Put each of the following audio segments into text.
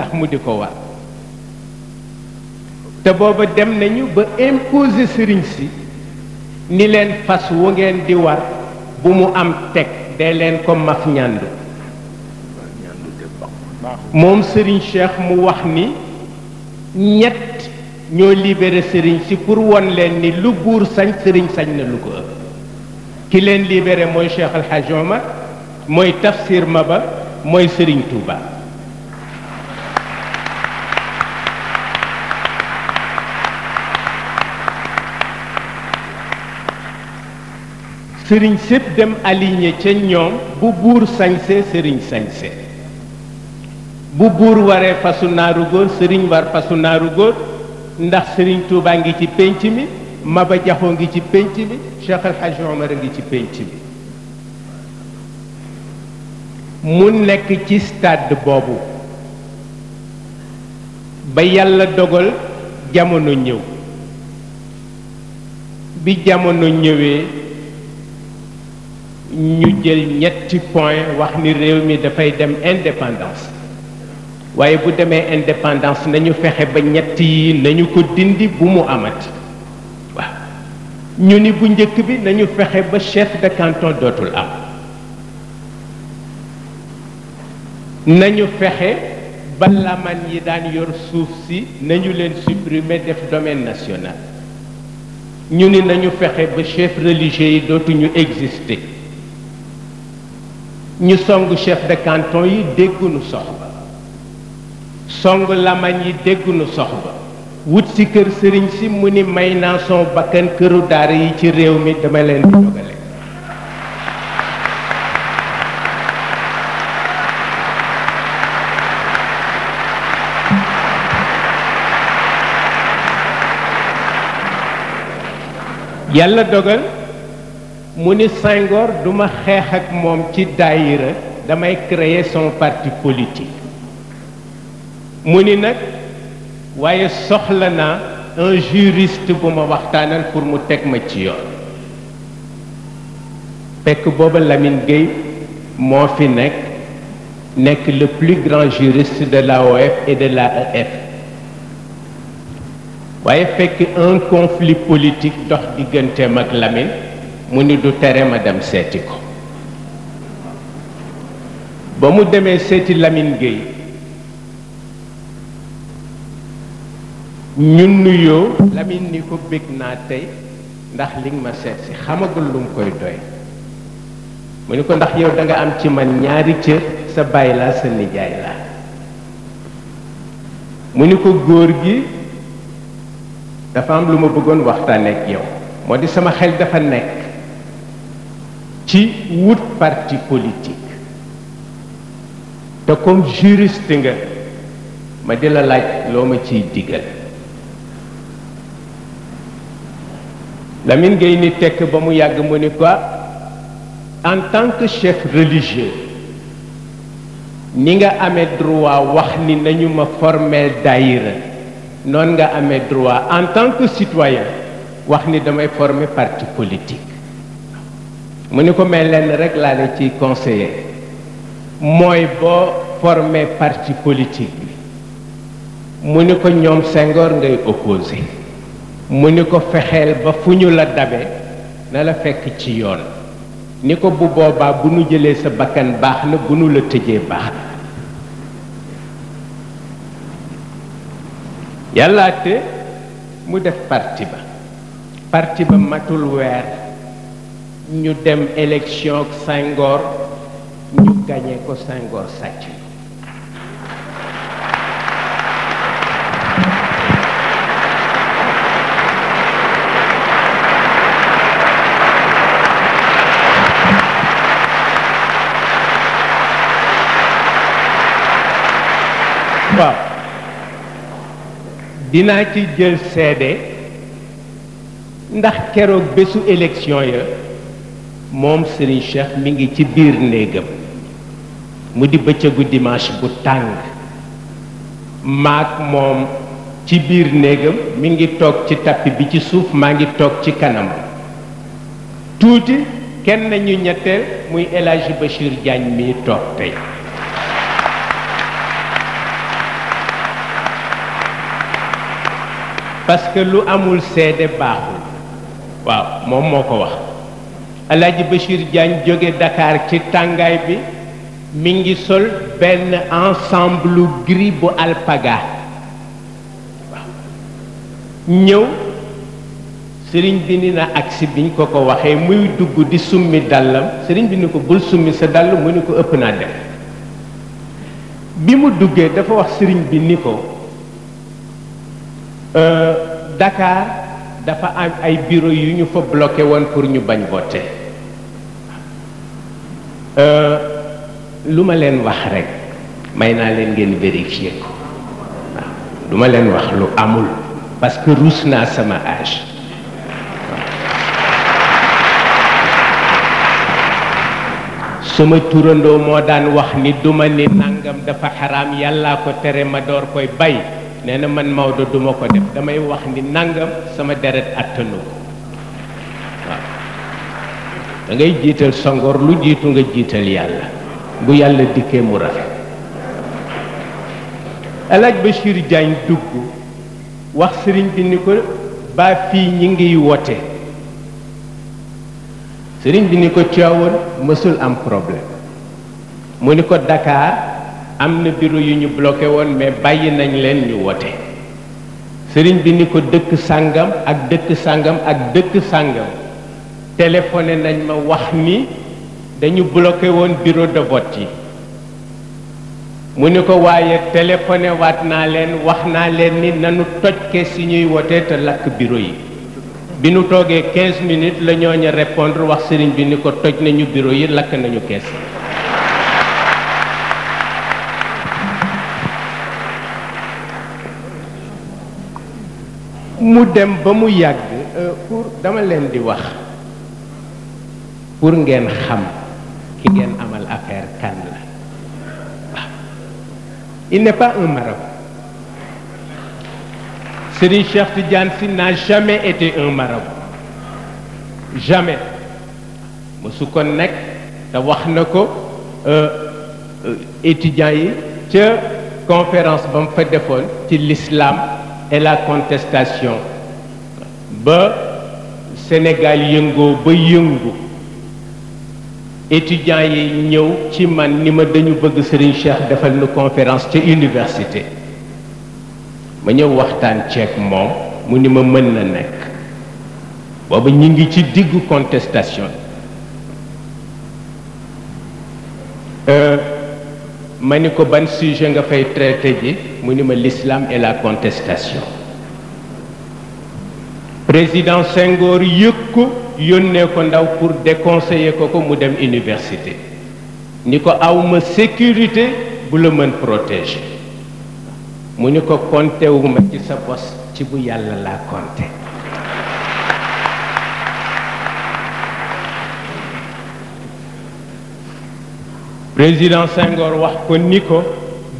tax mu di ko waar te booba dem nañu ba imposer sëriñ si ni leen fas wu ngeen di war bu mu am teg dee leen ko maf ñàndu moom sëriñ Cheikh mu wax ni ñett ñoo libéré sëriñ si pour won leen ni lu buur sañ sëriñ sañ na lu ko ëpp ki leen libéré mooy Cheikh Al Omar mooy tafsir Maba mooy sëriñ Touba. sëriñ sépp dem aligné ca ñoom bu buur sañse sëriñ sañse bu buur waree fasu naaru góor sëriñ war fasu naaru góor ndax sëriñ Tuubaa ngi ci pénc mi Maba jaxoo ngi ci pénc mi Cheikh El Hadj ngi ci pénc mi mu nekk ci stade boobu ba yàlla dogal jamono ñëw bi jamono ñëwee ñu jël ñetti point wax ni réew mi dafay dem indépendance waaye bu demee indépendance nañu fexe ba ñett nañu ko dindi bu mu amat waaw ñu ni bu njëkk bi nañu ba chef de canton dootul am nañu fexe ba laman yi daan yor nañu domaine national ñu ni chef religieux yi dootuñu exister ñu song chef de canton yi déggunu soxba song lamañ yi déggunu soxba wut ci kër sëriñ si mu ni may naa bakkan këru daara yi ci réew mi dama leen di dogale yàlla dogal mu Sangor, duma du ma xeex ak moom ci daayira damay créer son parti politique mu ni nag waaye soxla naa un juriste bu ma waxtaanal pour mu teg ma ci yoon fekk booba Lamine Gueye moo fi nekk nekk le plus grand juriste de la OF et de la EF waaye fekk un conflit politique dox digganteem ak Lamine mu ni du tere ma dem seeti ko ba mu demee seeti lamin Gueye ñun nuyoo lamin ni ko bég naa tey ndax li ma seet si xamagul lu mu koy doy mu ni ko ndax yow danga am ci man ñaari cër sa baay laa sa nijaay laa mu ni ko góor gi dafa am lu ma bëggoon waxtaan ak yow moo di sama xel dafa nekk ci wut parti politique te comme juriste nga ma di la laaj loo ma ciy digal lamin ngay ni tekk ba mu yàgg mu ni quoi en tant que chef religieux ni nga amee droit wax ni nañu ma formel daïra noon nga amee droit en tant que citoyen wax ni damay former parti politique mu ni ko mais rekk rek laa la ciy conseiller mooy boo formé parti politique bi mu ni ko ñoom sengoor ngay opposé mu ni ko fexeel ba fu ñu la dabe na la fekk ci yoon ni ko bu boobaa bu nu jëlee sa bakkan baax na bu nu la tëjee baax na yàllaate mu def parti ba parti ba matul weer ñu dem élection ak ko Senghor sàcc waaw dinaa ci jël seede ndax keroog bésu élection ya moom Serigne Cheikh mi ngi ci biir néegam mu di bëccëgu dimanche bu tàng maak moom ci biir néegam mi ngi toog ci tappi bi ci suuf maa ngi toog ci kanam tuuti kenn ñu ñetteel muy El Hadj Bachir Diagne mi toog tey parce que lu amul seede baaxul waaw moom moo ko wax alaaji Bachir Diagne jóge Dakar ci tàngaay bi mi ngi sol benn ensemble gris bu alpaga ñëw sëriñ bi ni na agsi biñ ko ko waxee muy dugg di summi dàllam sëriñ bi ni ko bul summi sa dàll mu ni ko ëpp naa def bi mu duggee dafa wax sëriñ bi ni ko euh, Dakar dafa am ay bureau yu ñu fa bloqué woon pour ñu bañ voter Eh, luma len wax rek may naa ngeen vérifier ko luma len wax lu amul parce que ruus sama âge sama turando mo daan wax ni duma ni nangam dafa haram yalla ko tere ma dor koy bay nee man Maodo duma ko def damay wax ni nangam sama deret attanu dangay jiital sangoor lu jiitu nga jiital yàlla bu yàlla dikkee mu rafet alaaj Bachir Diagne dugg wax sëriñ bi ni ko baa fii ñi ngiy wote sëriñ bi ni ko Tiwaawan mësul am problème mu ni ko Dakar am na bureau yu ñu bloqué woon mais bàyyi nañ leen ñu wote sëriñ bi ni ko dëkk sàngam ak dëkk sàngam ak dëkk sàngam téléphoné nañ ma wax ni dañu bloqué woon biro de vote yi mu ni ko waaye téléphoné waat naa leen wax naa leen ni nanu toj kees yi ñuy wotee te lakk bureau yi bi nu toogee 15 minutes la ñoo wax sëriñ bi ni ko toj nañu biro yi lakk nañu kees mu dem ba mu yàgg euh, pour dama leen di wax pour ngeen xam ki ngeen amal affaire kan la waaw il n'est pas un marabout Serigne Cheikh Tidiane Sy n'a jamais été un marabout jamais mosu ko nekk te wax na ko euh, euh, étudiants yi ca conférence ba mu fa defoon ci l'islam et la contestation ba Sénégal yëngoo ba yëngu étudiants yi ñëw ci man ni ma dañu bëgg Serigne Cheikh conférence ci université ma ñëw waxtaan ceeg moom mu ni ma contestation euh, ban sujet nga fay traité ji l'islam et la contestation président Senghor yónnee ko ndaw pour déconseiller ko ko mu dem université ni ko awma sécurité bu la mën protéger mu ni ko kontewuma ci sa bos ci bu yàlla laa konte président Senghor wax ko ni ko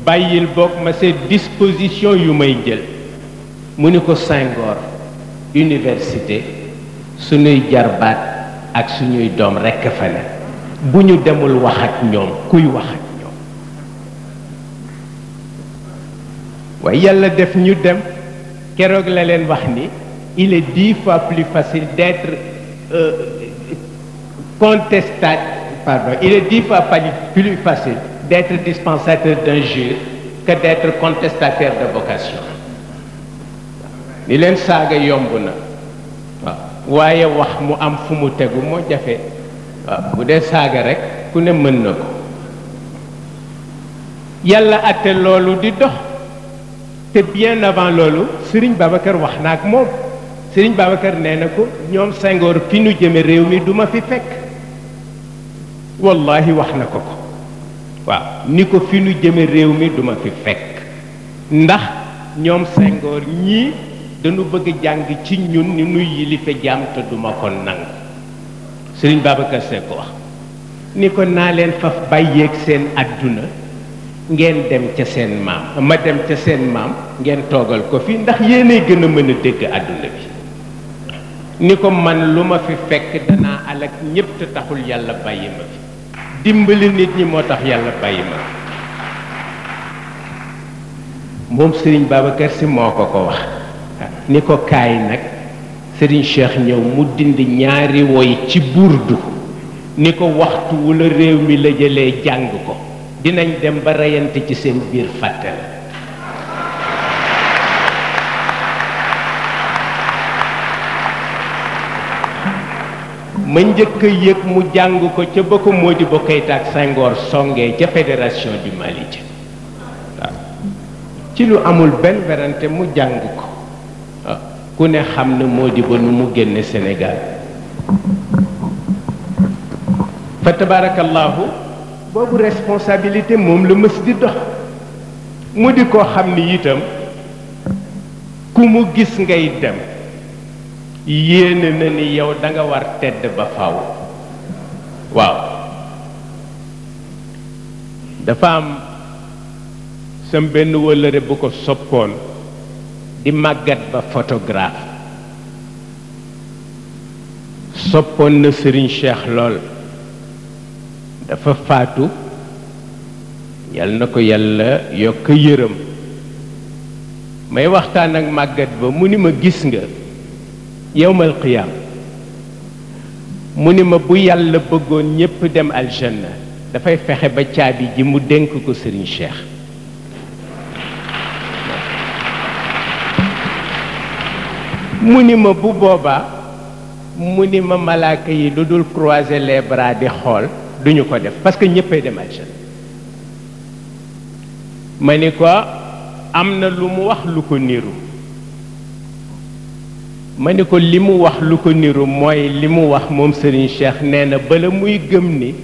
bàyyil bokk ma seet disposition yu may jël mu ni ko Senghor université suñuy jarbaat ak suñuy doom rekk fa ne bu ñu demul wax ak ñoom kuy wax ak ñoom waaye yàlla def ñu dem keroog la leen wax ni il est dix fois plus facile d'être euh, contestat pardon il est dix fois plus facile d'être dispensateur d'injures que d'être contestataire de vocation ni leen saaga yomb na waaye wax mu am fu mu tegu moo jafe waaw bu dee saaga rekk ku ne mën na ko yàlla atte loolu di dox te bien avant loolu Serigne Babacar wax na ak moom Serigne Babacar nee na ko ñoom Senghor fi nu jëme réew mi duma fi fekk wallahi wax na ko ko waaw ni ko fi nu jëme réew mi duma fi fekk ndax ñoom Senghor ñii dañu bëgg jàng ci ñun ni nuy yilife jaam te duma ko nangu sëriñ Babacar Seck ko wax ni ko naa leen faf bàyyeeg seen àdduna ngeen dem ca seen maam ma dem ca seen maam ngeen toogal ko fi ndax yéenay gën a mën a dégg àdduna bi ni ko man lu ma fi fekk danaa alak ñépp te taxul yàlla bàyyi ma fi dimbali nit ñi moo tax yàlla bàyyi ma fi moom sëriñ Babacar si moo ko ko wax ni ko kaay nag sëriñ cheikh ñëw mu dindi ñaari woy ci burdu ni ko waxtu wala réew mi la jëlee jàng ko dinañ dem ba reyante ci seen biir fàttel ma njëkk yëg mu jàng ko ca ba ko moo di bokkayta ak sangoor songee ca fédération du mali ci lu amul benn werante mu jàng ko ku ne xam ne moo di ba nu mu génne senegal fa tabaarakallaahu boobu responsabilité moom la mës di dox mu di koo xam ni itam ku mu gis ngay dem yéene na ni yow danga nga war tedd ba faw waaw dafa am sam benn wëllëre bu ko soppoon di màggat ba photographe soppoon na Serigne Cheikh lool dafa faatu yal na ko yàlla yokk yërëm may waxtaan ak màggat ba mu ni ma gis nga yowmal qiyaam mu ni ma bu yàlla bëggoon ñépp dem aljanna dafay fexe ba caabi ji mu dénk ko Serigne Cheikh mu ni ma bu boobaa mu ni ma malaaka yi lu dul croiser les bras di xool duñu ko def parce que ñëppay dem aljanna ma ni ko am na lu mu wax lu ko niru ma ni ko li mu wax lu ko niru mooy li mu wax moom Serigne Cheikh nee na bala muy gëm ni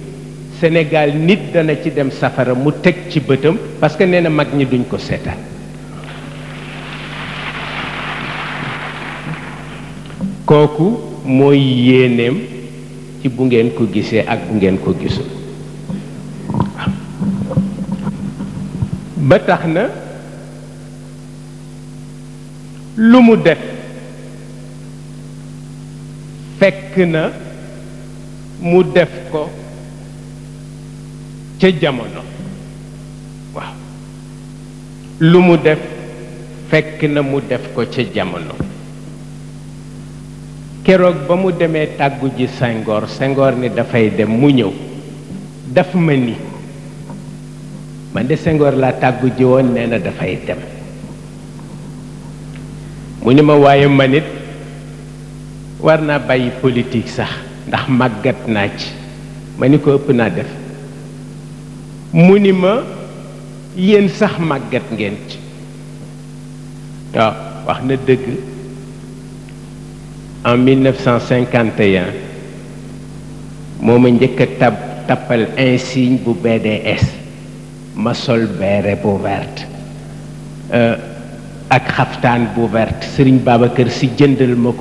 Sénégal nit dana ci dem safara mu teg ci bëtam parce que nee na mag ñi duñ ko seetaan kooku mooy yéeneem ci bu ngeen ko gisee ak bu ngeen ko gisul ba tax na lu mu def fekk na mu def ko ca jamono waaw lu mu def fekk na mu def ko ca jamono keroog ba mu demee tàggu ji Senghor Senghor ni dafay dem mu ñëw daf ma ni man de Senghor laa tàggu ji woon nee na dafay dem mu ni ma waaye man it war naa bàyyi politique sax ndax màggat naa ci ma ni ko ëpp naa def mu ni ma yéen sax màggat ngeen ci waaw wax na dëgg en 1951 dit que je n'avais pas insigne bu BDS ma sol beere bu verte euh, ak xaftaan bu verte Serigne Babacar si jëndal ma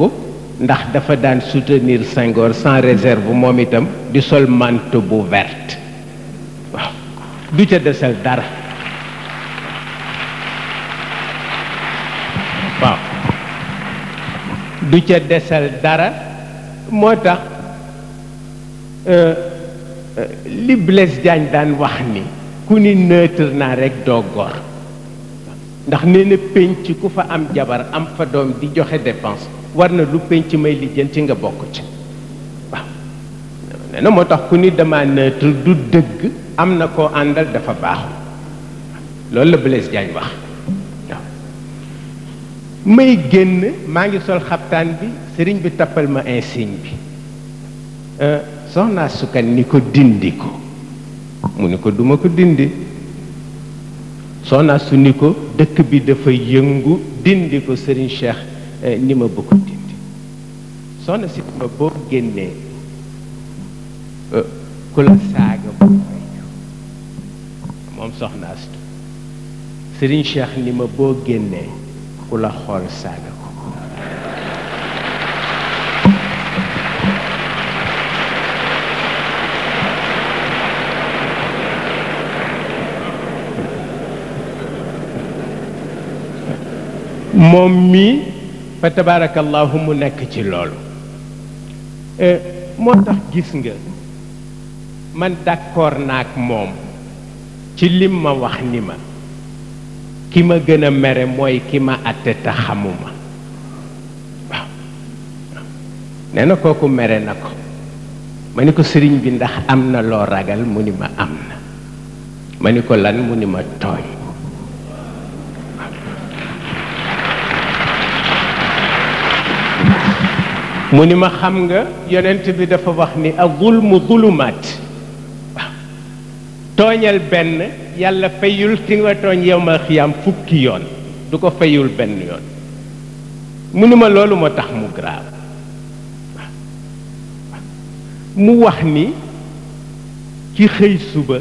ndax dafa daan soutenir Senghor sans réserve moom itam di sol manteau bu verte waaw du ca desal dara du ca desal dara moo tax euh, euh, li Blaise Diagne daan wax ni ku ni neutre naa rek doo góor ndax nee na penc ku fa am jabar am fa doom di joxe dépense war na lu penc may lijjanti nga bokk ci waaw nee na moo tax ku ni dama neutre du dëgg am na koo àndal dafa baaxul loolu la Blaise Diagne wax may génn maa ngi sol xabtaan bi sëriñ bi tappal ma insigne bi euh, soxnaa sukkan ni ko dindi ko mu ni ko duma ko dindi soxnaa su ni ko dëkk bi dafa yëngu dindi ko sëriñ Cheikh euh, ni ma bëgg ko dindi soxna si ma boo génnee euh, ku la saaga moom soxnaa su sëriñ Cheikh ni ma boo génnee كل خوار سعدك مومي فتبارك الله منك جلول اه، موتاخ غيسنغا من داكور ناك موم تي ليم ما واخ ki ma gën a mere mooy ki ma àtte te xamuma waaw nee na kooku mere na ko ma ni ko sëriñ bi ndax am na loo ragal mu ni ma am na ma ni ko lan mu ni ma tooñ mu ni ma xam nga yenent bi dafa wax ni a zulmu zulumaat tooñal benn yàlla fayul ki nga tooñ fukki yoon du ko fayul benn yoon mu ni ma loolu moo tax mu grave mu wax ni ci xëy suba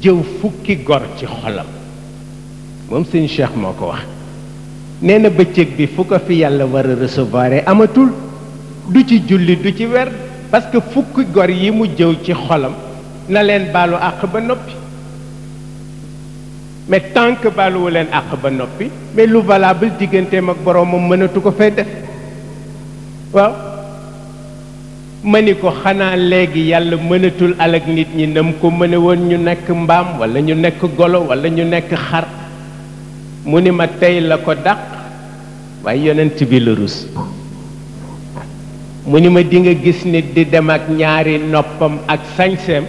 jëw fukki gor ci xolam moom sëñ Cheikh moo ko wax nee na bëccëg bi fu ko fi yàlla war a amatul du ci julli du ci wer parce que fukki gor yi mu jëw ci xolam na leen baalu àq ba noppi mais tant que baaluwu leen àq ba noppi mais lu valable digganteem ak boroomam mënatu ko fay def waaw ma ni ko xanaa léegi yàlla mënatul alak nit ñi nam ko mëne woon ñu nekk mbaam walla ñu nekk golo walla ñu nekk xar mu ni ma tey la ko dàq waaye yonent bi la rus mu ni ma dinga gis nit di dem ak ñaari noppam ak sañseem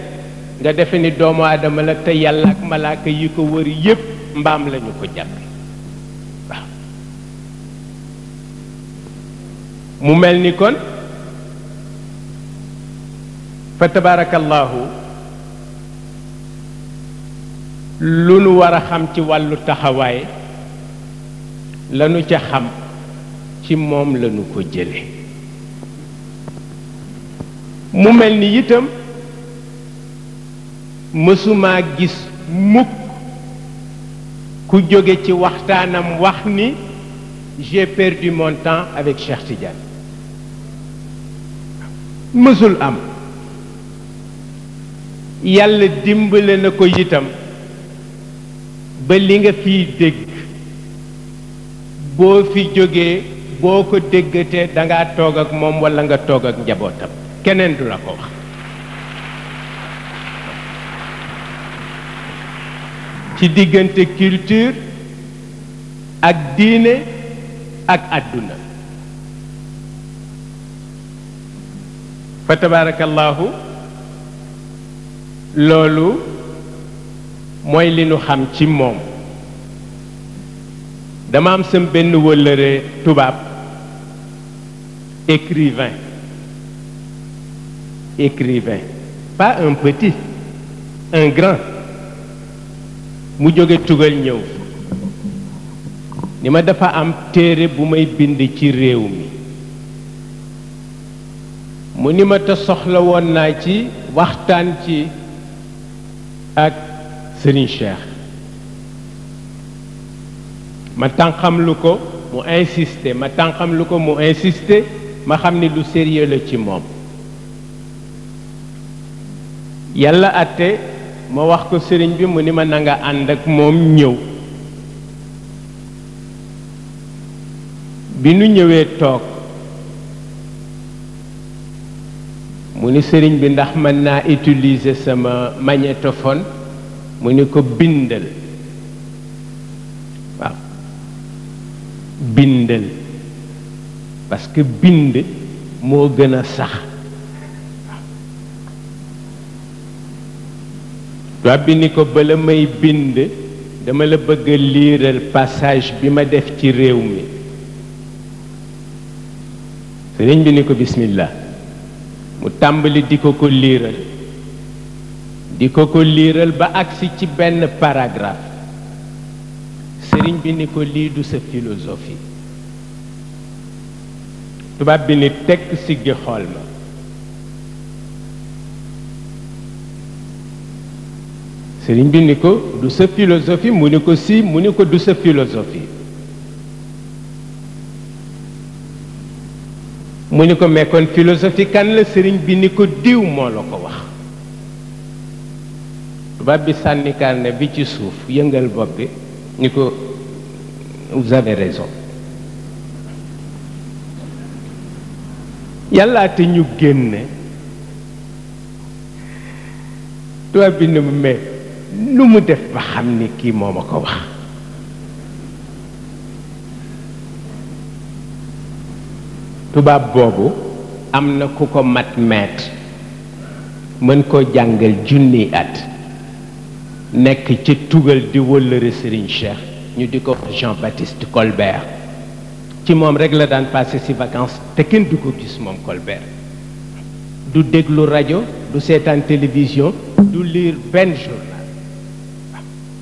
nga defe ni doomu aadama la te yàlla ak malaaka yi ko wër yépp mbaam lañu ko jàppe mu mel ni kon fa tabaarakallaahu lu nu war a xam ci wàllu taxawaay lanu ca xam ci moom lanu ko jële mu mel ni itam mësumaa gis mukk ku jóge ci waxtaanam wax ni j'ai perdu mon temps avec Cheikh Tidiane mësul am yàlla dimbale na ko itam ba li nga fiy dégg boo fi jógee boo ko déggatee da ngaa toog ak moom wala nga toog ak njabootam keneen du la ci diggante culture ak diine ak àdduna fa tabaarakallaahu loolu mooy li nu xam ci moom dama am sam benn wëllëre tubaab écrivain écrivain pas un petit un grand mu jóge tugal ñëw ni ma dafa am téere bu may bind ci réew mi mu ni ma te soxla woon naa ci waxtaan ci ak Serigne Cheikh ma tànqam ko mu insisté ma tànqam ko mu insisté ma xam ni lu sérieux la ci moom yàlla àtte ma wax ko sëriñ bi mu ni ma nanga nga ànd ak moom ñëw bi nu ñëwee toog mu ni sëriñ bi ndax mën naa utiliser sama magnétophone mu ni ko bindal waaw bindal parce que bind moo gën a sax rabbi ni ko bala may bind dama la bëgg a liiral passage bi ma def ci réew mi sëriñ bi ni ko bismillah mu tàmbali di ko ko liiral di ko ko liiral ba agsi ci benn paragraphe sëriñ bi ni ko lii du sa philosophie tubaab bi ni tekk siggi xool ma sëriñ bi ni ko du sa philosophie mu ni ko si mu ni ko du sa philosophie mu ni ko mais kon philosophie kan la sëriñ bi ni ko diw moo la ko wax tubaab bi sànnikaan na bi ci suuf yëngal bopp bi ni ko vous avez raison yàllaate ñu génne tubaab bi ni mu mais Nous mu def ba xam ni kii moo wax tubaab boobu am at nekk ci tugal di wëllëre Serigne Cheikh ñu Jean-Baptiste Colbert ci moom rek la daan passé vacances te kenn du ko gis moom Colbert du déglu rajo du télévision du lire benn jours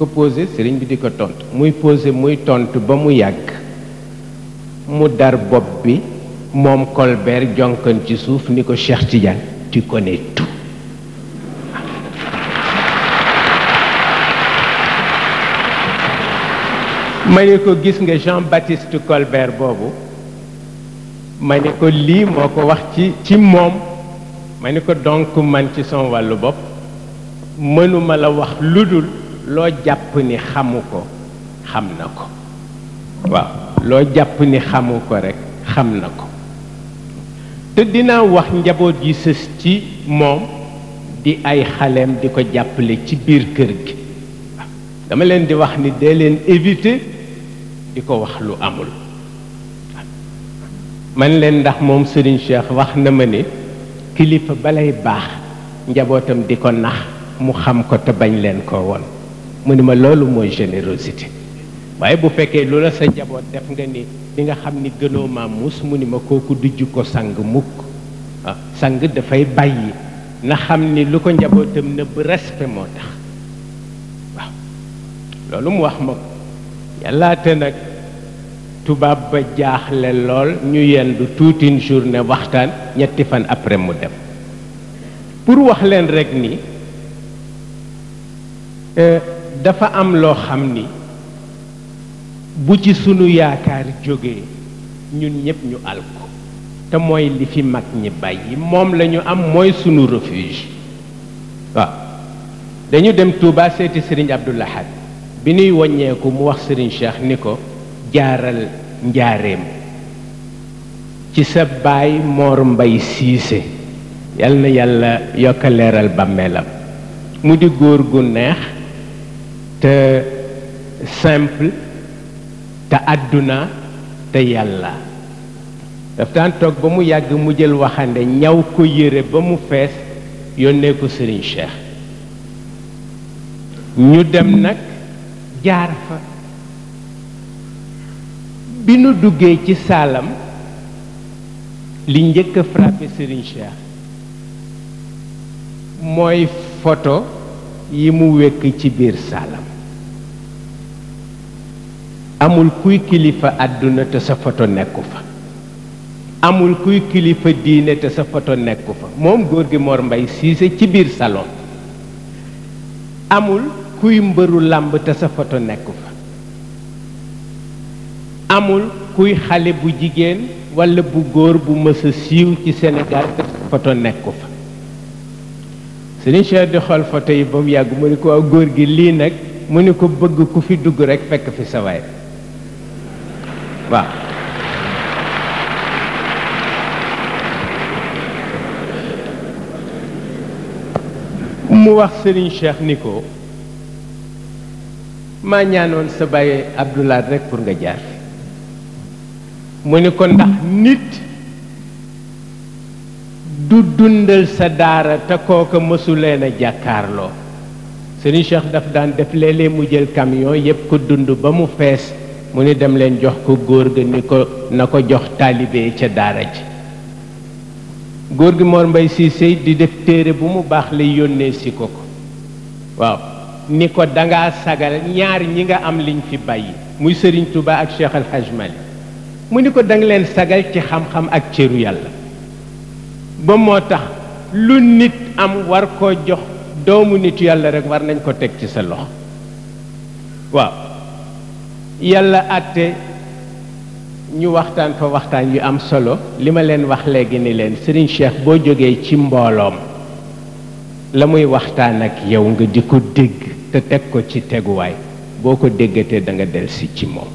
ko posé sëriñ bi di ko tontu muy posé muy tontu ba mu yàgg dar bopp bi Colbert jonkan ci suuf ni Cheikh Tidiane tu connais tout ma ne ko gis nga Jean-Baptiste Colbert boobu ma ne ko lii moo ko wax ci ci moom ma ne ko donc man ci son wàllu bopp mënuma la wax ludul loo jàpp ni xamu ko xam na ko waaw loo jàpp ni xamu ko rekk xam na ko te dinaa wax njaboot yi sës ci moom di ay xaleem di ko jàppale ci biir kër gi dama leen di wax ni dee leen éviter di ko wax lu amul man leen ndax moom Serigne Cheikh wax na ma ni kilifa balay baax njabootam di ko nax mu xam ko te bañ leen ko woon mu ni ma loolu mooy générosité waaye bu fekkee lu la sa njaboot def nga ni di nga xam ni gënoo ma muus mu ni ma kooku dujj ko sang mukk ah, sang dafay bàyyi na xam ni lu ko njabootam nëbb respect moo tax waaw loolu mu wax ma ko yàllaate nag tubaab ba jaaxle lool ñu yendu tuuti une journée waxtaan ñetti fan après mu dem pour wax leen rek ni euh, dafa am loo xam ni bu ci sunu yaakaar jógee ñun ñëpp ñu alko te mooy li fi mag ñi bàyyi moom lañu am mooy sunu refuge waaw dañu dem Touba seeti Serigne Abdou bi ñuy woññeeku mu wax Serigne Cheikh ni ko jaaral njaareem ci sa baay Mor Mbay Siise yal na yàlla yokk leeral bàmmeelam mu di góor gu neex te simple te adduna te yàlla daf daan toog ba mu yàgg mu jël waxande ñaw ko yére ba mu fees yónnee ko Serigne Cheikh ñu dem nag jaar fa bi nu duggee ci saalam li njëkk a frappé Serigne mooy foto yi mu wekk ci biir saalam amul kuy kilifa àdduna te sa foto nekku fa amul kuy kilifa diine te sa foto nekku fa moom góor gi Mor Mbaye Cissé ci biir salon amul kuy mbëru làmb te sa foto nekku fa amul kuy xale bu jigéen walla bu góor bu mës siiw ci Sénégal te sa foto nekku fa Serigne Cheikh di xool foto yi ba mu yàgg mu ni ko waaw góor gi lii nag mu ne ko bëgg ku fi dugg rekk fekk fi sa waay waaw mu wax Serigne Cheikh ni ko maa sa bàyyi Abdoulaye rek pour nga jaar fi mu ni ko ndax nit du dundal sa daara te kooka mësu a jàkkaarloo Serigne Cheikh daf daan def léeg mu jël camion yépp ko dund ba mu fees mu ni dem leen jox ko góor ga ni ko na ko jox taalibe ca daara ji góor gi Mor Mbay Siise di def téere bu mu baax lay yónnee si ko ko waaw ni ko danga sagal ñaari ñi nga am liñ fi bàyyi muy Sëriñ tubaa ak Cheikh Al Hadj mu ni ko danga leen sagal ci xam-xam ak cëru yàlla ba moo tax lu nit am war koo jox doomu nit yàlla rek war nañ ko teg ci sa loxo waaw yàlla àtte ñu waxtaan fa waxtaan wi am solo li ma leen wax léegi ni leen Serigne Cheikh boo jógee ci mbooloom la muy waxtaan ak yow nga di ko dégg te teg ko ci teguwaay boo ko déggatee da delsi ci moom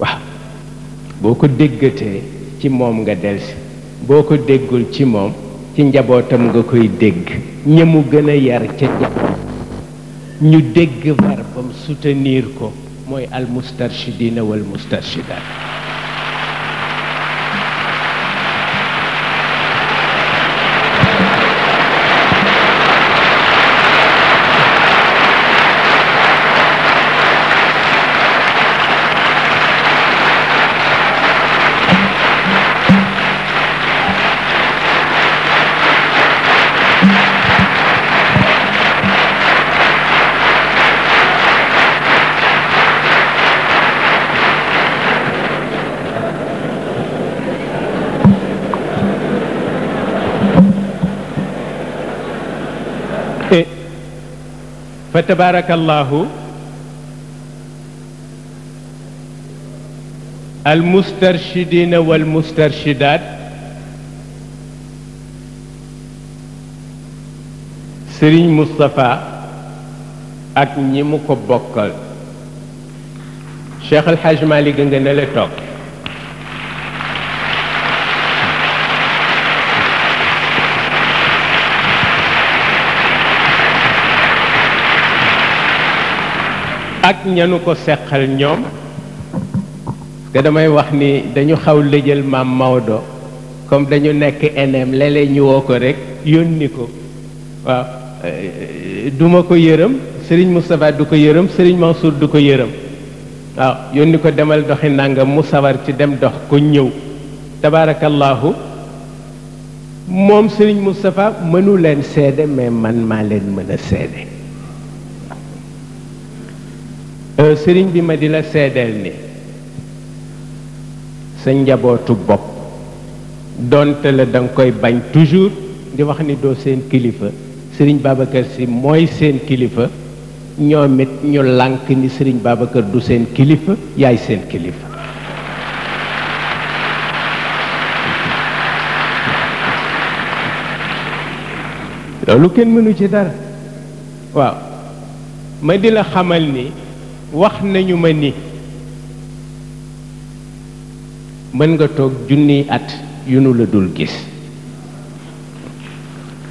waaw boo ko déggatee ci moom nga delsi boo ko déggul ci moom ci njabootam nga koy dégg ña gën a yar ca njaboot ñu dégg verbam soutenir ko mooy almustarchidina wal mustarchidat فتبارك الله المسترشدين والمسترشدات سري مصطفى اك نيمو كو بوكال شيخ الحاج مالك نغنا لا توك ak ñanu ko seqal ñoom parce damay wax ni dañu xaw lëjal maam Maodo comme dañu nekk enem léeg ñu woo ko rek yónni ko waaw euh, du ko yërëm sëriñ Moustapha du ko yërëm Serigne Mansour du ko yërëm waaw yónni ko demal doxi nangam mu sawar ci dem dox ko ñëw tabaarakallaahu moom Serigne Moustapha mënu leen seede mais man maa leen mën a seede Euh, sëriñ bi ma di la seedeel ni sa njabootu bopp doonte la da koy bañ toujours di wax ni doo seen kilifa sëriñ Babacar si mooy seen kilifa ñoom it ñu lànk ni sëriñ Babacar du seen kilifa yaay seen kilifa loolu kenn mënu ci dara waaw ma di la xamal ni wax nañu ma ni mën nga toog junniy at yu ñu la dul gis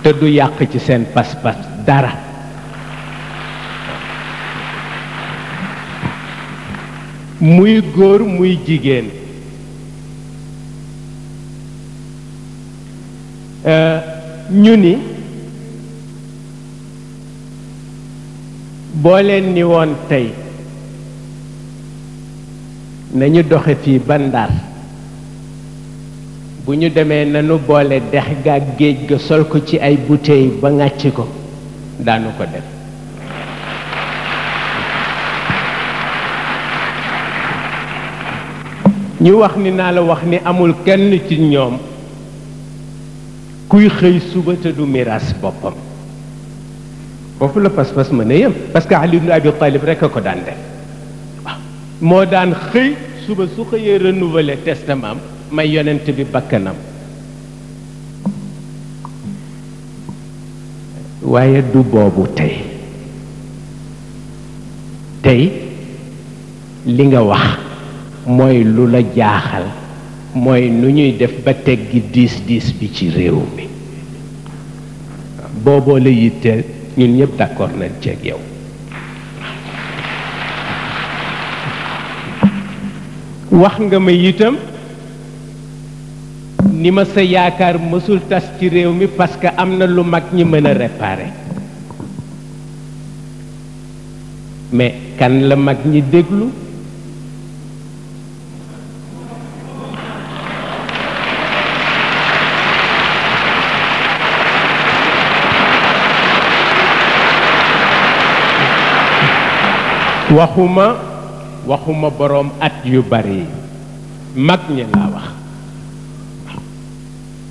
te du yàq ci seen pas-pas dara muy góor muy jigéen euh, ñu ni boo leen ni woon tey nañu doxe fii ba bu ñu demee nanu boole dex gaag géej ga sol ko ci ay bouteille ba ngàcc ko daanu ko def ñu wax ni naa la wax ni amul kenn ci ñoom kuy xëy suba te du miraas boppam foofu la pas-pas mën a yem parce que Ali ibn Abi Talib rek a ko daan def moo daan xëy suba su xëyee renouveler testament may yonent bi bakkanam waaye du boobu tey tey li nga wax mooy lu la jaaxal mooy nu ñuy def ba teggi diis diis bi ci réew mi booboo la yitteel ñun ñëpp d'accord na ceeg yow wax nga ma itam ni ma sa yaakaar mësul tas ci réew mi parce que am na lu mag ñi mën a réparer mais kan la mag ñi déglu waxuma waxuma boroom at yu bari mag ñi laa wax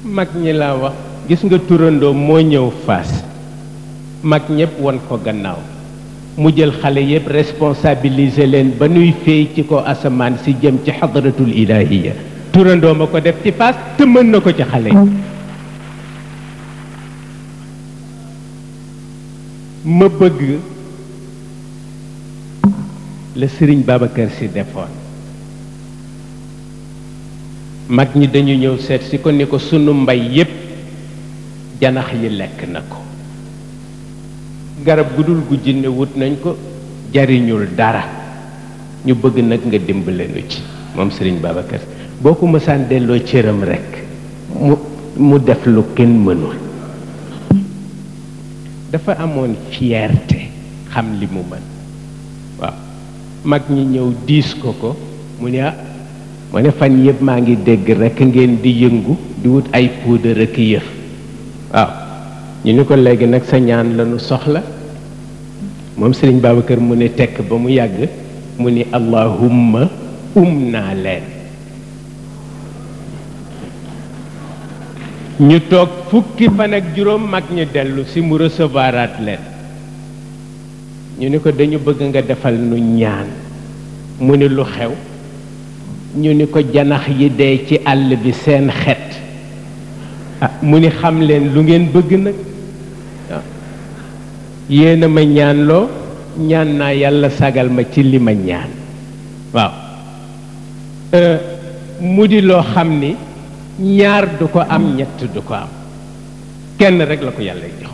mag ñi laa wax gis nga turandoo moo ñëw faas mag ñépp won ko gannaaw mu jël xale yépp responsabiliser leen ba nuy féey ci ko asamaan si jëm ci xadratul ilaahiya turandoo ma ko def ci faas te mën na ko ci xale yi ma bëgg la sëriñ Babacar si defoon mag ñi dañu ñëw seet si ko ni ko sunu mbay yépp janax yi lekk na ko garab gu dul gu wut nañ ko jariñul dara ñu bëgg nag nga dimbale nu ci moom sëriñ Babacar boo ko mësaan delloo cëram rekk mu mu def lu kenn mënul dafa amoon fierté xam li mu mën mag ñi ñëw diis ko ko mu ni ah mu ne fan yëpp maa ngi dégg rekk ngeen di yëngu di wut ay poudre ak yëf waaw ñu ni ko léegi nag sa ñaan lañu soxla moom Sëriñ kër mu ne tekk ba mu yàgg mu ni allahumma um naa leen ñu toog fukki fan ak juróom mag ñi dellu si mu recevoiraat leen ñu ni ko dañu bëgg nga defal nu ñaan mu ni lu xew ñu ni ko janax yi dee ci àll bi seen xet ah mu ni xam leen lu ngeen bëgg nag ah. yéen a ma ñaan loo ñaan naa yàlla sagal ma ci li ma ñaan waaw euh, mu di loo xam ni ñaar du ko am ñett du ko am kenn rek la ko yàlla jox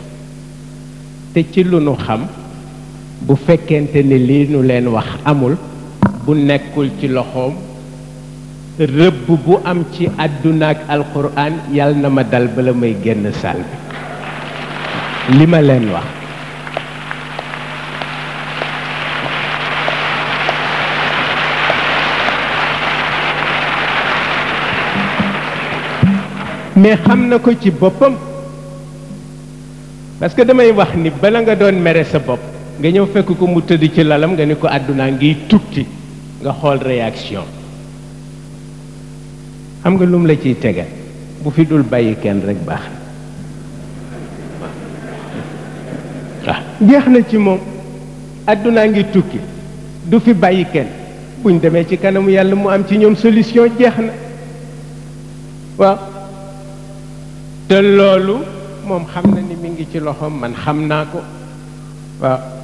te ci lu nu xam bu fekkente ne lii nu leen wax amul bu nekkul ci loxoom rëbb bu am ci àdduna ak alquran yàlla na ma dal bala may génn sal bi li ma leen wax mais xam na ko ci boppam parce que damay wax ni bala nga doon mere sa bopp nga ñëw fekk ko mu tëdd ci lalam nga ni ko àdduna ngiy tukki nga xool réaction xam nga lum la ciy tege bu fi dul bàyyi kenn rek baax na jeex na ci moom àdduna ngi tukki du fi bàyyi kenn buñ demee ci kanamu yàlla mu am ci ñoom solution jeex na waaw te loolu moom xam na ni mi ngi ci loxoom man xam naa ko waaw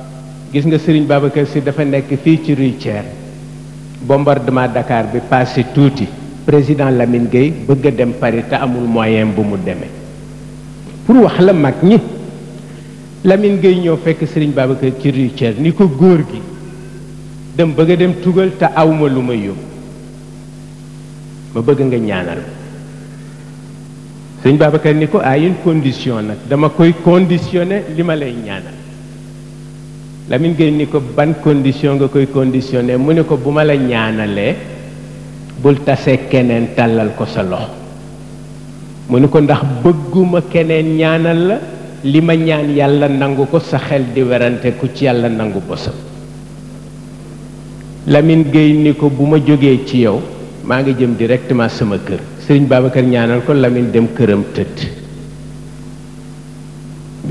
gis nga Serigne Babacar si dafa nekk fii ci Rue Thiers bombardement dakaar bi passé tuuti président Lamine Gueye bëgg dem Paris te amul moyen bu mu demee pour wax la mag ñi Lamine Gueye ñoo fekk Serigne Babacar ci Rue Thiers ni ko góor gi dem bëgg dem tugal te awma lu ma yóbbu ma bëgg nga ñaanal Serigne Babacar ni ko à ah une condition nag dama koy conditionné li ma lay ñaanal lamin Gueye ni ko ban condition nga koy conditionné mu ne ko bu ma la ñaanalee bul tasee keneen tàllal ko sa loxo mu ne ko ndax bëgguma keneen ñaanal la li ma ñaan yàlla nangu ko sa xel di werante ku ci yàlla nangu bosam Lamine Gueye ni ko bu ma jógee ci yow maa ngi jëm directement sama kër Serigne Babacar ñaanal ko lamin dem këram tëdd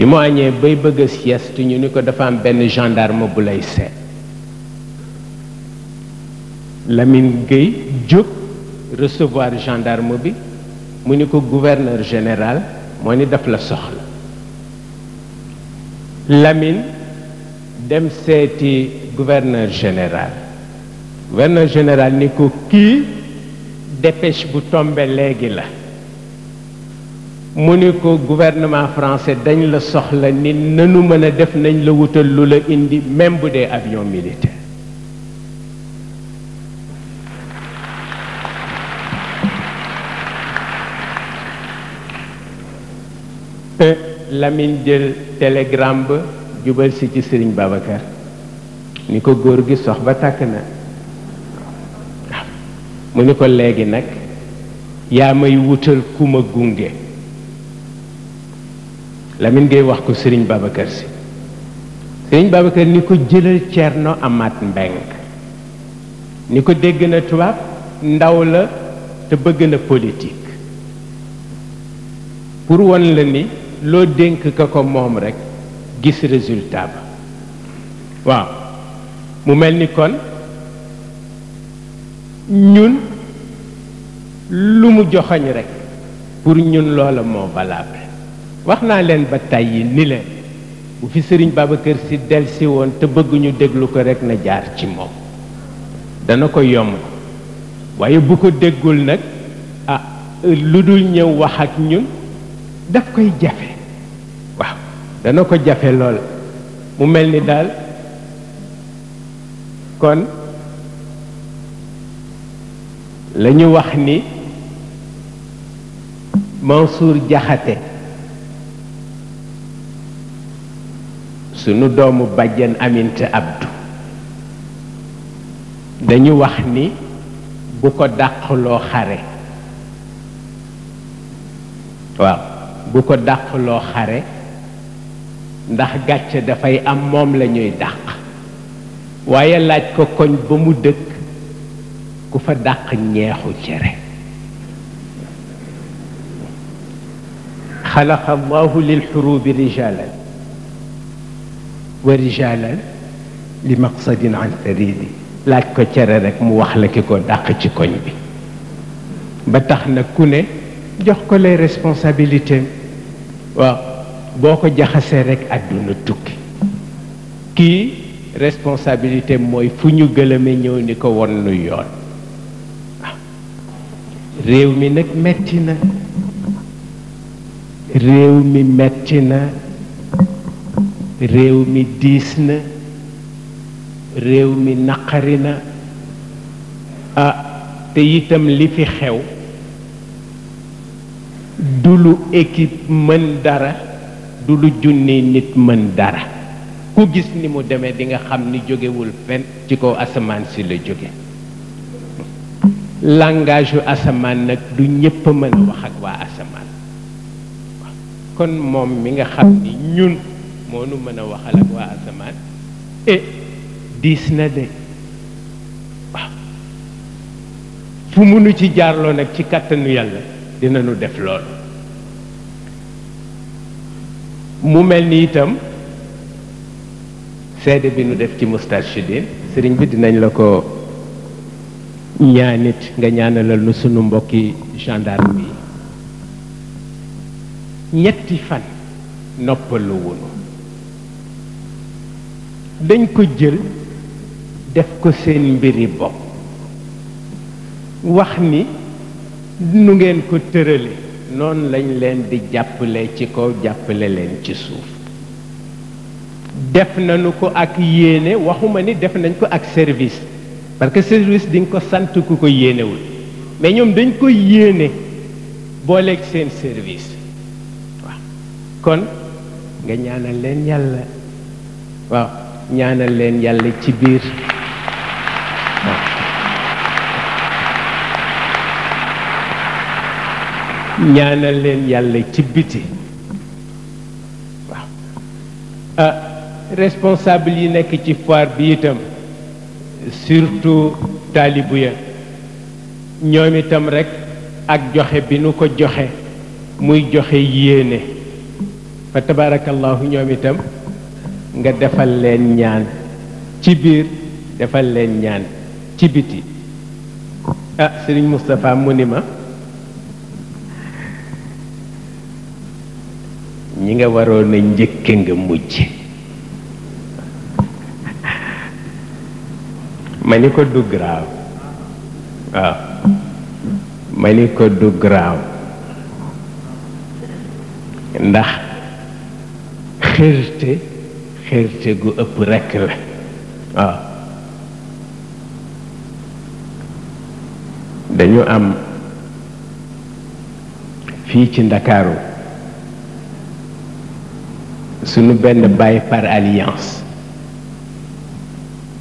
bi mu añee bay bëgg a sieste ñu ni ko dafa am benn gendarme bu lay seet Lamine Gueye jóg recevoir gendarme bi mu ni ko gouverneur général moo ni daf la soxla Lamine dem seeti gouverneur général gouverneur général ni ko kii dépêche bu tombe léegi la mu ni ko gouvernement français dañ la soxla ni nanu mën a def nañ la wutal lu la indi même bu dee avion militaire e, Lamine jël télégramme ba jubal si ci Serigne Babacar ni ko góor gi sox ba tàkk na mu ni ko léegi nag yaa may wutal ku ma gunge Lamine ngay wax ko sëriñ Babacar si Serigne Babacar ni ko jëlal Thierno Amath Mbengue ni ko dégg na tubaab ndaw la te bëgg na politique pour won la ni loo dénk ka ko moom rek gis résultat ba waaw mu mel ni kon ñun lu mu joxoñ rekk pour ñun loola moo valable wax naa leen ba tàyyi ni leen bu fi sëriñ Babacar si delsi woon te bëgguñu déglu ko rekk na jaar ci moom dana ko yomb waaye bu ko déggul nag ah lu dul ñëw wax ak ñun daf koy jafe waaw dana ko jafe lool mu mel ni daal kon lañu wax ni Mansour Jaxate sunu doomu bajjan aminte abdu dañu wax ni bu ko dàqloo xare waaw bu ko dàqloo xare ndax gàcce dafay am moom la ñuy dàq waaye laaj ko koñ ba mu dëkk ku fa dàq ñeexu cere خلق الله للحروب رجالاً wa rijalan li maqsadin an taridi laaj ko cere rek mu wax la ki ko dàq ci koñ bi ba tax na ku ne jox ko les responsabilités waaw boo ko jaxasee rek àdduna tukki kii responsabilité mooy fu ñu gëlëme ñëw ni ko won nu yoon réew mi nag metti na réew mi metti na réew mi diis na réew mi naqari na te itam li fi xew du lu équipe mën dara du lu junni nit mën dara ku gis ni mu demee di nga xam ni jógewul fenn ci kaw asamaan si la jóge langage yu asamaan nag du ñépp a mën wax ak waa asamaan kon moom mi nga xam ni ñun moo nu mën a waxal ak waa asamaan e diis na de fu mu nu ci jaarloo nag ci kàttanu yàlla dina nu def lool mu mel ni itam seede bi nu def ci Moustarchidine sëriñ bi dinañ la ko ñaanit nga ñaanalal nu sunu mbokki gendarme yi ñetti fan noppalu wunu dañ ko jël def ko seen yi bopp wax ni nu ngeen ko tërale noonu lañ leen di jàppale ci kaw jàppale leen ci suuf def nañu ko ak yéene waxuma ni def nañ ko ak service parce que service di nga ko sant ku ko yéenewul mais ñoom dañ ko yéene booleeg seen service waaw kon nga ñaanal leen yàlla waaw ñaanal leen yàlla ci biir ñaanal leen yàlla ci biti waaw ah, responsable yi nekk ci foire bi itam surtout taalibu ya ñoom itam rek ak joxe bi nu ko joxe muy joxe yéene fa tabarakallahu ñoom itam nga defal leen ñaan ci biir defal leen ñaan ci biti ah sëriñ Moustapha mu ni ñi nga waroon a njëkke nga mujj ma ni ko du graaw ah, waaw ma ni ko du graaw ndax xërte xerte gu ëpp rekk la waaw dañu am fii ci ndakaaru sunu benn baay par alliance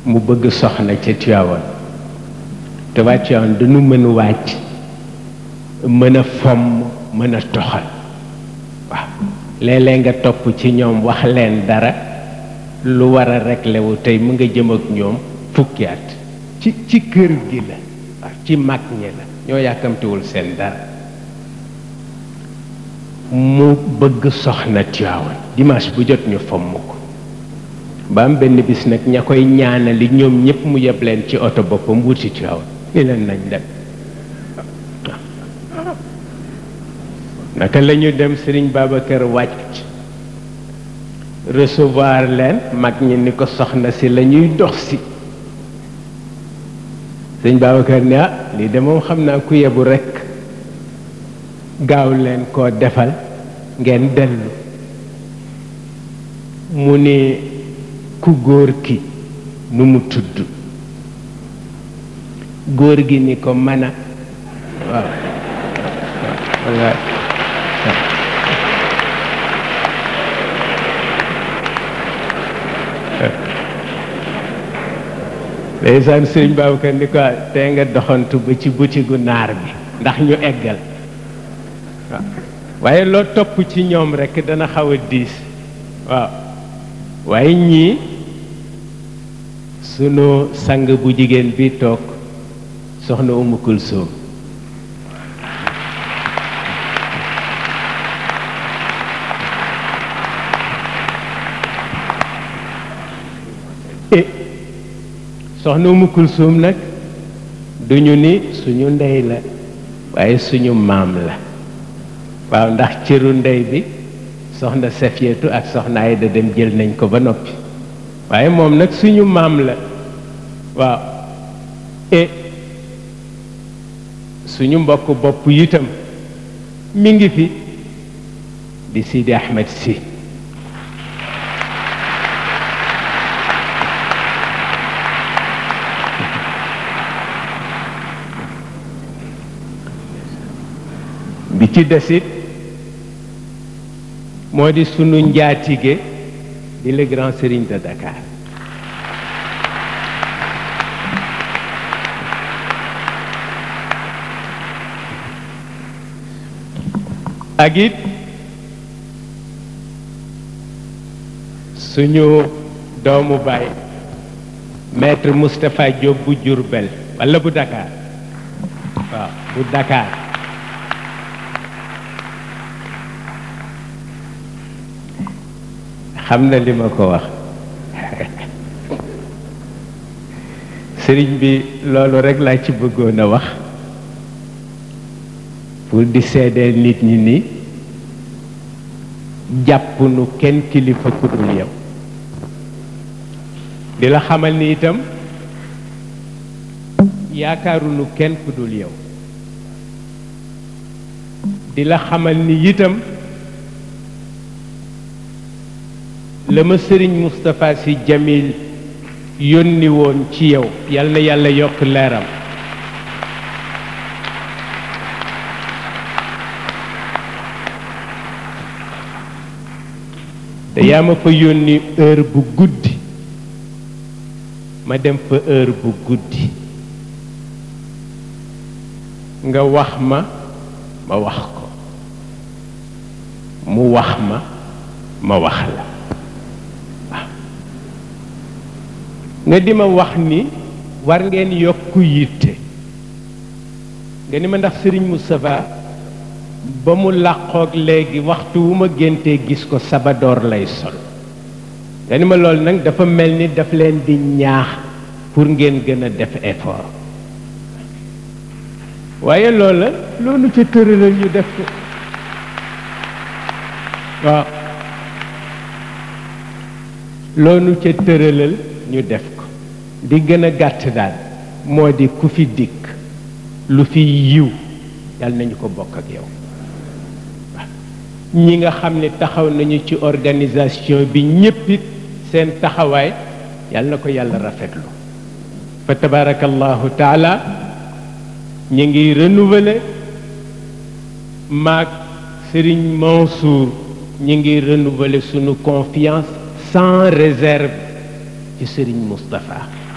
mu bëgg soxna ca Tiwaawan te waa Tiwaawan dañu mën wàcc mën a fomm mën a toxal waaw léeg nga topp ci ñoom wax leen dara lu war a réglé wu tey mu nga jëm ak ñoom fukki at ci kër gi la waaw ci mag ñi la ñoo yàkkamtiwul seen dara mu bëgg soxna Tiwaawan dimanche bu jot ñu fomm ko ba am benn bis nag ña koy ñaanali ñoom ñëpp mu yeb leen ci oto boppam wuti Tiwaawan ni leen nañ dem naka la ñu dem Sëriñ Babacar wàcc recevoir leen mag ñi ni ko soxna si lañuy ñuy dox si sëñ Babacar ne ah lii de moom xam naa ku yebu rekk gaaw leen koo defal ngeen dellu mu ni ku góor ki nu mu tudd góor gi ni ko mën a waaw ndeysaan sëriñ babacar ni ko tey nga doxantu ba ci gu naar bi ndax ñu eggal waaye loo topp ci ñoom rek dana xaw a diis waaw waaye ñii sunu sang bu jigéen bi toog soxna umukul soom et eh, soxna Umu Kulsum nag duñu ni suñu ndey la waaye suñu maam la waaw ndax cëru ndey bi soxna Safiyatu ak soxna Ayda dem jël nañ ko ba noppi waaye moom nag suñu maam la waaw e suñu mbokk bopp yitam mi ngi fi di Sidi Ahmed Si ci desit moy di sunu njaatige di le grand serigne de dakar agit it suñu doomu bay maître mustapha diop bu jurbel wala bu dakar wa bu dakar xam na li ma ko wax sëriñ bi loolu rekk laa ci bëggoon a wax pour di seedeel nit ñi ni jàpp nu kenn kilifa ku dul yow di la xamal ni itam yaakaaru kenn ku dul yow di la xamal ni itam la ma sëriñ Moustapha Sy Jamil yónni ci yow yàlla yàlla yokk leeram te yaa ma fa yónni heure bu guddi ma dem fa heure bu guddi nga wax ma ma wax ko mu wax ma ma wax la nga di ma wax ni war ngeen yokk yitte nga ni ma ndax sëriñ Moustapha ba mu làqook léegi waxtu wu ma géntee gis ko sabadoor lay sol nga ni ma loolu nag dafa mel ni daf leen di ñaax pour ngeen gën a def effort waaye loola loolu ca tëralal ñu def ko waaw loolu ca tëralal ñu def ko di gën a gàtt daal moo di ku fi dikk lu fi yiw yàlla nañu ko bokk ak yow ñi nga xam ne taxaw nañu ci organisation bi ñéppit seen taxawaay yàlla na ko yàlla rafetlu fa tabarakallahu taala ñi ngi renouveler maag Serigne Mansour ñi ngi renouveler sunu confiance sans réserve ci Serigne Mustafa.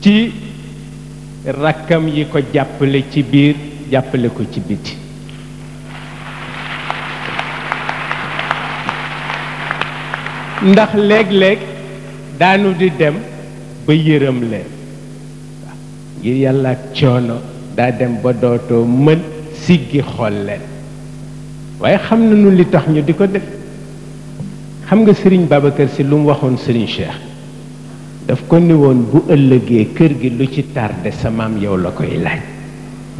ci rakkam yi ko jàppale ci biir jàppale ko ci biti ndax léeg-léeg daanu di dem ba yërëm leen ngir yàlla ak coono daa dem ba dootoo mën siggi xool leen waaye xam nañu li tax ñu di ko def xam nga sëriñ Babacar si lu mu waxoon sëriñ Cheikh daf ko ni woon bu ëllëgee kër gi lu ci tardé sa maam yow la koy laaj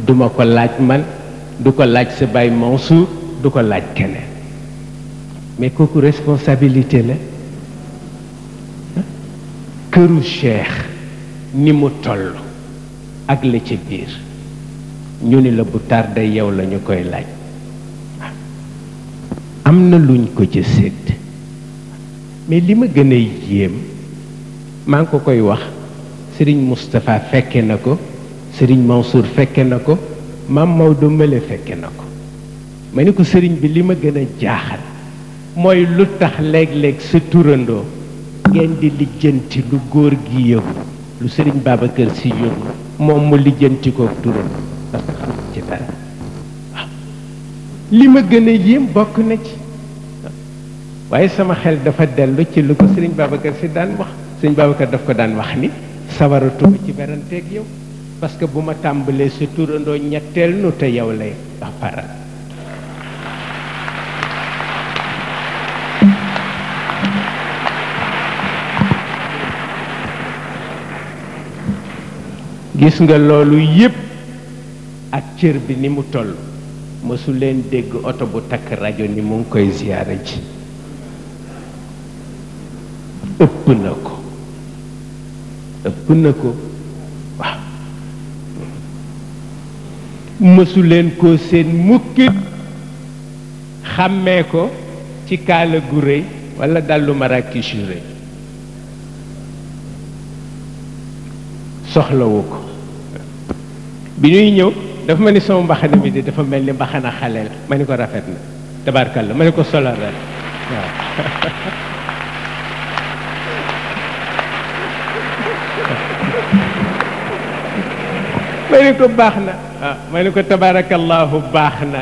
duma ko laaj man du ko laaj sa baay Mansour du ko laaj keneen mais kooku responsabilité la këru cheikh ni mu toll ak la ci biir ñu ni la bu tardé yow lañu koy laaj am na luñ ko ci sédd mais li ma gën a yéem maa ngi ko koy wax sëriñ Moustapha fekke na ko sëriñ Mansour fekke na ko maam Maodo Mele fekke na ko ma ni ko sëriñ bi li ma gën a jaaxal mooy lu tax léeg-léeg sa turandoo ngeen di lijjanti lu góor gi yëw lu sëriñ Babacar si yóbbu moom mu lijjanti turandoo ci dara li ma gën a yéem bokk na ci waaye sama xel dafa dellu ci lu ko sëriñ Babacar si daan wax sëñ Babacar daf ko daan wax ni sawaratuma ci beranteeg yow parce que bu ma tàmbalee sa turandoo ñetteel nu te yow lay gis nga loolu yépp ak cër bi ni mu toll mësu leen dégg oto bu takk rajo ni mu ngi koy ziyaara ji ëpp na ko ëpp na ko waaw mësu leen koo seen mukkit xàmmee ko ci kaala gu rëy wala dallu marakis yu rëy soxlawu ko bi ñuy ñëw dafa ma ni sama mbaxana mi de dafa mel ni mbaxana xale la ma ni ko rafet na tabarkalla ma ni ko solal rek waaw ma ni ko baax na waaw ah, ma ni ko tabaarakallaahu baax na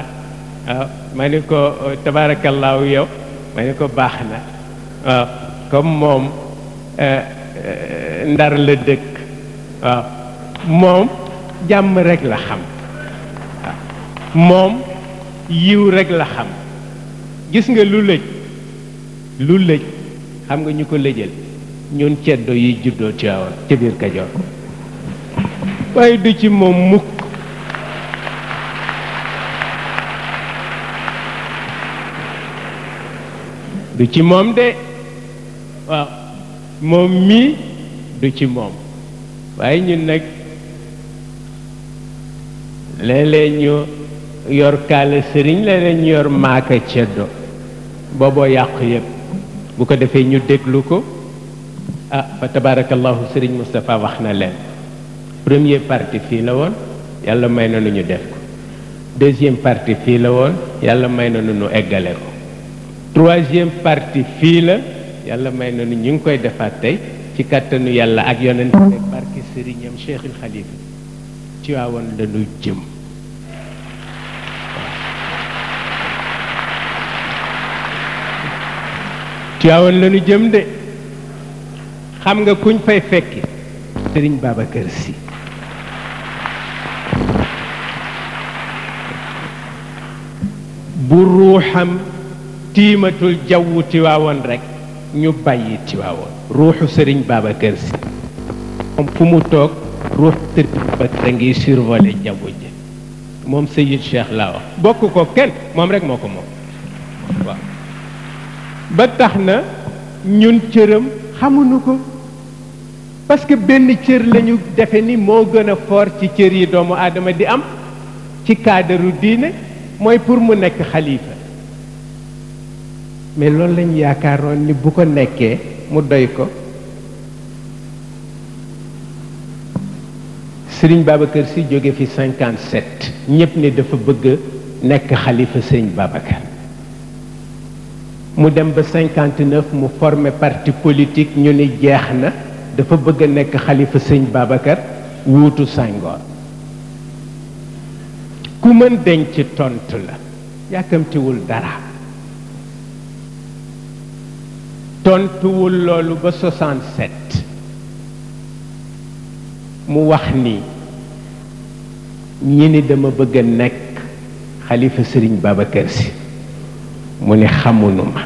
waaw ah, ni ko oh, tabaarakallaahu yow ma ni ko baax na ah, comme moom eh, eh, ndar la dëkk moom jàmm rekk la xam moom yiw rek la xam gis nga lu lëj lu lëj xam nga ñu ko lëjal ñun ceddo yi juddoo ci awoon ci biir Kajoor waaye du ci moom mukk du ci moom de waaw moom mii du ci moom waaye ñun nag léeg-léeg ñu yor kaala sëriñ léeg ñu yor maaka ceddo booboo yàq yépp bu ko defee ñu déglu ko ah fa tabarakallahu sëriñ Moustapha wax na leen premier parti fii la woon yàlla may na nu ñu def ko deuxième partie fii la woon yàlla may na nu ñu eggale ko troisième parti fii la yàlla may na nu ñu ngi koy defaat tey ci kàttanu yàlla ak yonent bi barki sëriñam Cheikhul Xalifa ci waawoon la nu jëm Tiwaawan la ñu jëm de xam nga kuñ fay fekki Sëriñ Babacar Si bu ruuxam tiimatul jawwu tiwaawoon rekk ñu bàyyi tiwaawoon ruuxu sëriñ Babacar Si moom fu mu toog ruuxu sëriñ Babacar a ngi jawwu ji moom Seyid Cheikh laa wax bokk ko kenn moom rekk moo ko moom ba tax na ñun cëram xamuñu ko parce que benn cër lañu defe ni moo gën a fort ci cër yi doomu aadama di am ci kaadaru diine mooy pour mu nekk xalifa mais loolu lañu yaakaaroon ni bu ko nekkee mu doy ko sëriñ Babacar si jóge fi cinquante sept ñépp ni dafa bëgg nekk xalifa sëriñ Babacar mu dem ba cinquante neuf mu formé parti politique ñu ni jeex na dafa bëgg a nekk xalifa sëriñ Babacar wuutu Senghor ku mën denc tontu la yàkkamtiwul dara tontuwul loolu ba 67 mu wax ni ñi ni dama bëgg a nekk xalifa sëriñ Babacar Sy mu ni xamunu ma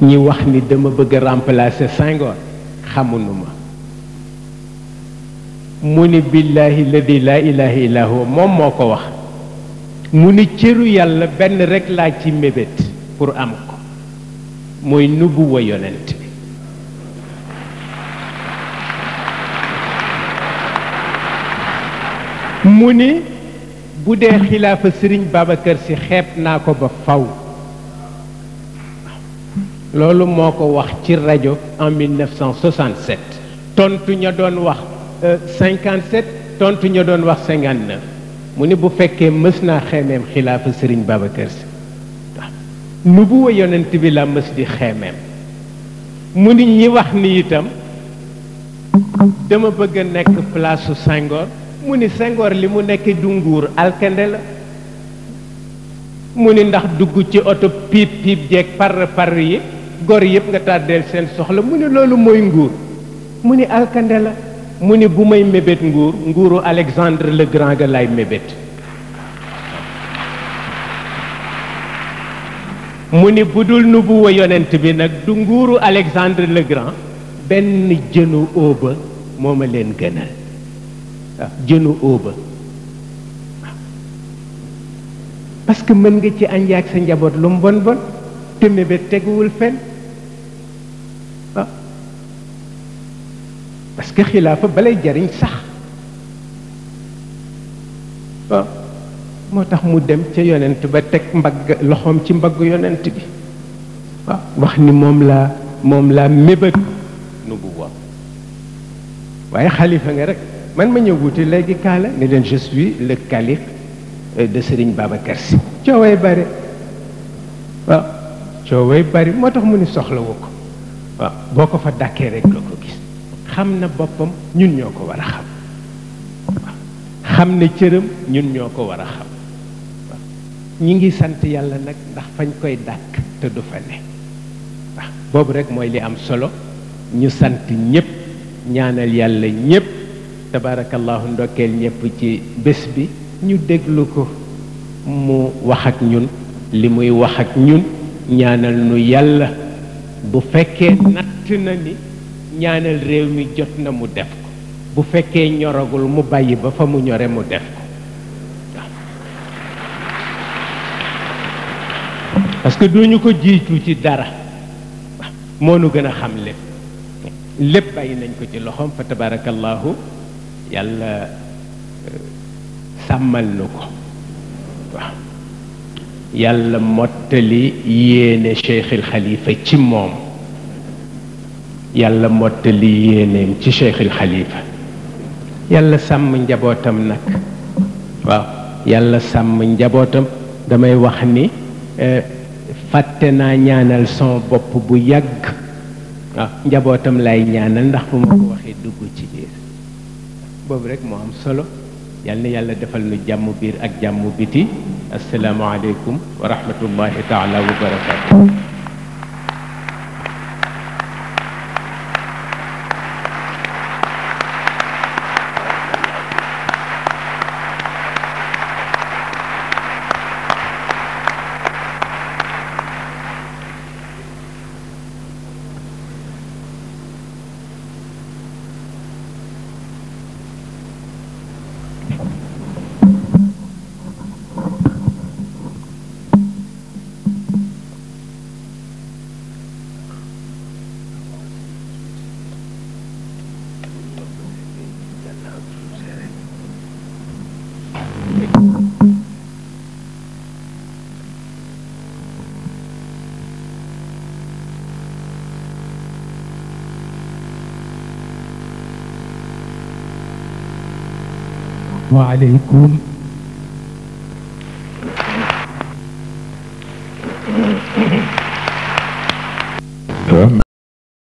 ñi wax ni dama bëgg a remplacer Senghor xamunu ma mu ni billaahi ladi laa ilaaha illaa moom moo ko wax mu ni cëru yàlla benn rekk laa ci mébét pour am ko mooy nubuwa yonent bi mu ni bu dee xilaafa sëriñ Babacar si xeeb naa ko ba faw loolu moo ko wax ci rajo en 1967 tontu ña doon wax 57 tontu ñu doon wax 59 mu ni bu fekkee mës naa xeemeem xilaafa sëriñ Babacar si nu bu wa yonent bi la mës di xeemeem mu ni ñi wax ni itam dama bëgg a nekk place sangor mu ni sangor li mu nekk du nguur alkande la mu ni ndax dugg ci oto piip piip jeeg par par yi gor yep nga tàddeel seen soxla mu ni loolu mooy nguur mu ni alkande mu ni bu may mébét nguur nguuru Alexandre le ga lay mébét mu ni bu dul nu yonent bi nag du nguuru Alexandre le Grand benn jënu óoba moo leen gënal jënu óoba parce que mën nga ci añ yaag sa njaboot lu mu bon bon te mébét teguwul fenn parce que xilaafa balay jariñ sax moo tax mu dem ca yonent ba teg mbagg loxoom ci mbagg yonent bi waaw wax ni moom laa moom laa mébét nubuwa waaye xalifa nga rek man ma ñëw wuti léegi kaala ni leen je suis le calife euh, de Serigne Babacar Sy cooway bari moo tax mu ni soxlawu ko boo ko fa dàkkee rek la ko xam na boppam ñun ñoo ko war a xam xam na cëram ñun ñoo ko war a xam ñi ngi sant yàlla nag ndax fañ koy dàkk te du fa ne waaw boobu rek mooy li am solo ñu sant ñépp ñaanal yàlla ñépp tabaarakallaahu ndokkeel ñépp ci bés bi ñu déglu ko mu wax ak ñun li muy wax ak ñun ñaanal nu yàlla bu fekkee natt na ni ñaanal réew mi jot na mu def ko bu fekkee ñoragul mu bàyyi ba fa mu ñore mu def ko parce que duñu ko jiitu ci dara moo nu gën a xam lépp lépp bàyyi nañ ko ci loxoom fa tabarakallahu yàlla sàmmal nu ko waaw yàlla mottali yéene cheikh il xalifa ci moom yàlla mbott mottali yéeneem ci cheikhul xalifa yàlla sàmm njabootam nag waaw yàlla sàmm njabootam damay wax ni eh, fàtte naa ñaanal son bopp bu yàgg waaw ah. njabootam lay ñaanal ndax bu ma ko waxee dugg ci biir boobu rek moo am solo yal yàlla defal nu jàmm biir ak jàmm biti asalaamaaleykum wa rahmatullahi taala wa عليكم